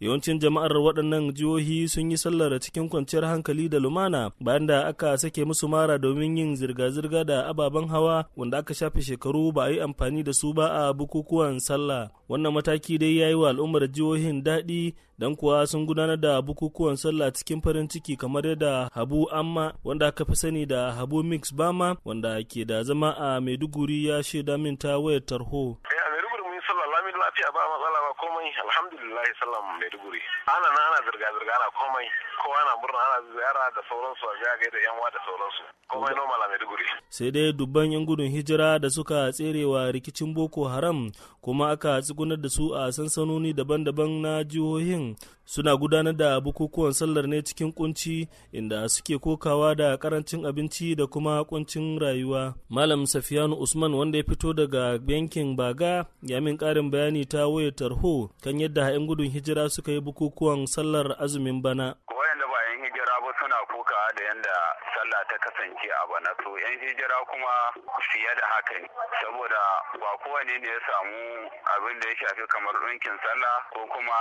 yawancin jama'ar waɗannan jihohi sun yi sallar cikin kwanciyar hankali da lumana bayan da aka sake musu mara domin yin zirga-zirga da ababen hawa wanda aka shafe shekaru ba a yi amfani da su ba a bukukuwan sallah wannan mataki dai ya yi wa al'ummar jihohin daɗi don kuwa sun gudanar da bukukuwan sallah cikin farin ciki kamar yadda habu amma wanda aka fi sani da habu mix bama wanda ke da zama a maiduguri ya shaida min ta wayar tarho. Eh, a maiduguri mun yi sallah lamin lafiya ba matsala alhamdulillah sallam maiduguri ana na ana zirga-zirga ana komai kowa na murna ana ziyara da sauransu a gaga da yanwa da sauransu komai normal a maiduguri sai dai dubban yan gudun hijira da suka tserewa rikicin boko haram kuma aka tsugunar da su a sansanoni daban-daban na jihohin suna gudanar da bukukuwan sallar ne cikin kunci inda suke kokawa da karancin abinci da kuma kuncin rayuwa malam safiyanu usman wanda ya fito daga yankin baga ya min karin bayani ta wayar tarho kan yadda ha'in gudun hijira suka yi bukukuwan sallar azumin bana. Wayanda ba 'yan hijira ba suna kuka da yadda sallah ta kasance a bana su 'yan hijira kuma fiye da haka ne saboda ba kowane ne ya samu abin da ya shafi kamar ɗinkin sallah ko kuma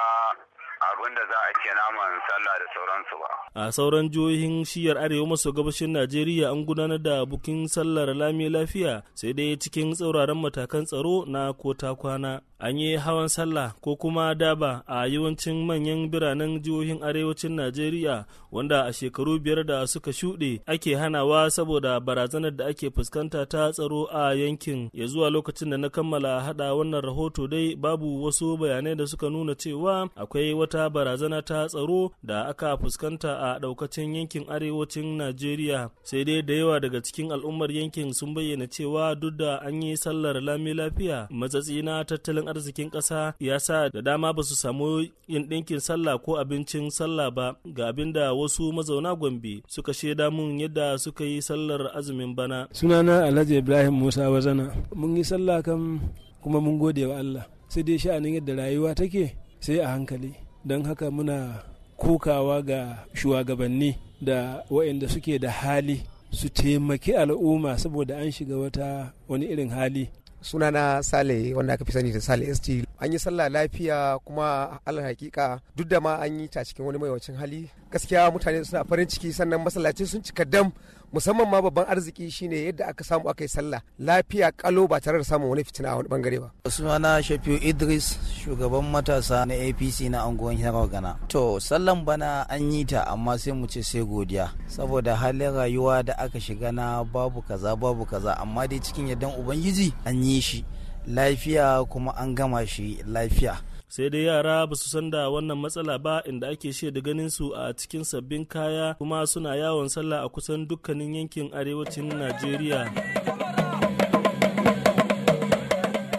abin za a ke naman sallah da sauransu ba. A sauran jihohin shiyar arewa maso gabashin Najeriya an gudanar da bukin sallar lami lafiya sai dai cikin tsauraran matakan tsaro na kota kwana. An yi hawan sallah ko kuma daba a yawancin manyan biranen jihohin arewacin Najeriya wanda a shekaru biyar da suka shuɗe ake hanawa saboda barazanar da ake fuskanta ta tsaro a yankin ya zuwa lokacin da na kammala haɗa wannan rahoto dai babu wasu bayanai da suka nuna cewa akwai wata barazana ta tsaro da aka fuskanta a daukacin yankin arewacin najeriya sai dai da yawa daga cikin al'ummar yankin sun bayyana cewa duk da an yi sallar lami lafiya matsatsi na tattalin arzikin ƙasa ya sa da dama ba su samu yin ɗinkin sallah ko abincin sallah ba ga abin da wasu mazauna gombe suka shaida mun yadda suka yi sallar azumin bana sunana alhaji ibrahim musa wazana mun yi sallah kam kuma mun gode wa allah sai dai sha'anin yadda rayuwa take sai a hankali don haka muna kokawa ga shugabanni da waɗanda suke da hali su taimaki al'umma saboda an shiga wata wani irin hali suna na sale wanda aka fi sani da sale st an yi sallah lafiya kuma allah hakika duk da ma an yi ta cikin wani maiwacin hali gaskiya mutane suna farin ciki sannan masallaci sun cika dam musamman ma babban arziki shine yadda aka samu aka yi sallah lafiya kalo ba tare da samun wani fitina a wani bangare ba na shafiu idris shugaban matasa na apc na anguwan hirar gana to sallan bana an yi ta amma sai mu ce sai godiya saboda halin rayuwa da aka shiga na babu kaza babu kaza amma dai cikin yardan ubangiji an yi yi shi lafiya kuma an gama shi lafiya sai dai yara ba su san da wannan matsala ba inda ake shaida ganin su a cikin sabbin kaya kuma suna yawon sallah a kusan dukkanin yankin arewacin najeriya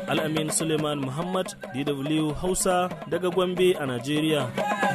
al'amin suleiman muhammad dw hausa daga gombe a najeriya